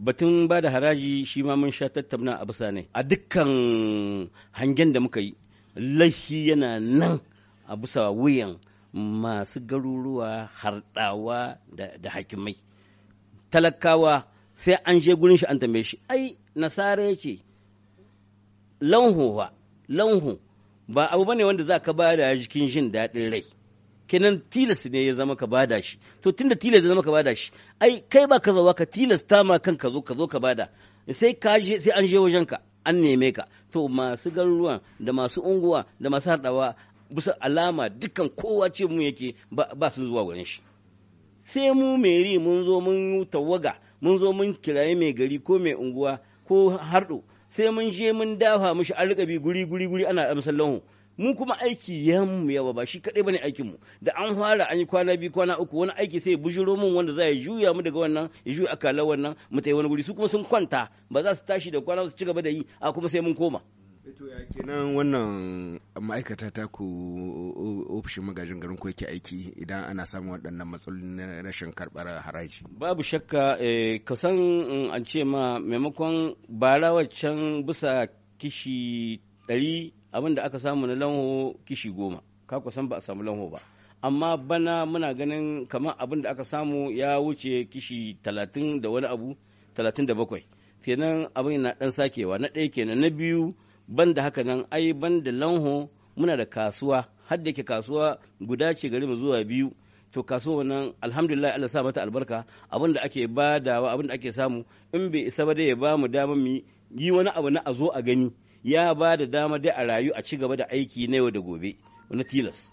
batun ba da haraji shi ma mun sha tattauna a bisa ne a dukkan hangen da muka yi laifi yana nan a bisa wuyan masu garuruwa harɗawa da hakimai talakawa sai an je gurin shi an tambaye shi ai nasara ya ce lanhu ba lanhu ba abu bane wanda za ka ba da jikin jin daɗin rai kenan tilas ne ya zama ka bada shi to tunda tilas ya zama ka bada shi ai kai ba ka zawa ka tilasta ma kanka zo ka zo ka bada sai ka je sai an je wajen ka an neme ka to masu garuruwa da masu unguwa da masu haɗawa bisa alama dukkan kowa ce mu yake ba su zuwa wurin shi sai mu meri mun zo mun yi tawaga mun zo mun kiraye mai gari ko mai unguwa ko harɗo sai mun je mun dafa mushi alƙabi guri guri guri ana amsallan mun kuma aiki ya mu yawa ba shi kadai bane aikin mu da an fara an yi kwana biyu kwana uku wani aiki sai bujuro mun wanda za ya juya mu daga wannan ya juya akalar wannan mu tai wani guri su kuma sun kwanta ba za su tashi da kwana su ci gaba da yi a kuma sai mun koma eh to ya kenan wannan ma'aikata ta ku ofishin magajin garin ko yake aiki idan ana samun waɗannan matsaloli na rashin karɓar haraji babu shakka eh, ka san mm, an ce ma maimakon bara waccan bisa kishi ɗari abin da aka samu na lanho kishi goma ka kusan ba a samu lanho ba amma bana muna ganin kamar abin da aka samu ya wuce kishi talatin da wani abu talatin da bakwai kenan abin na dan sakewa na ɗaya kenan na biyu ban da haka nan ai ban da lanho muna da kasuwa har da ke kasuwa guda ce gari mu zuwa biyu to kasuwa nan alhamdulillah Allah sa mata albarka abin da ake badawa abin da ake samu in bai isa ba da ya ba mu dama mu yi wani abu na a zo a gani ya ba da dama dai a rayu a ci gaba da aiki na yau da gobe wani tilas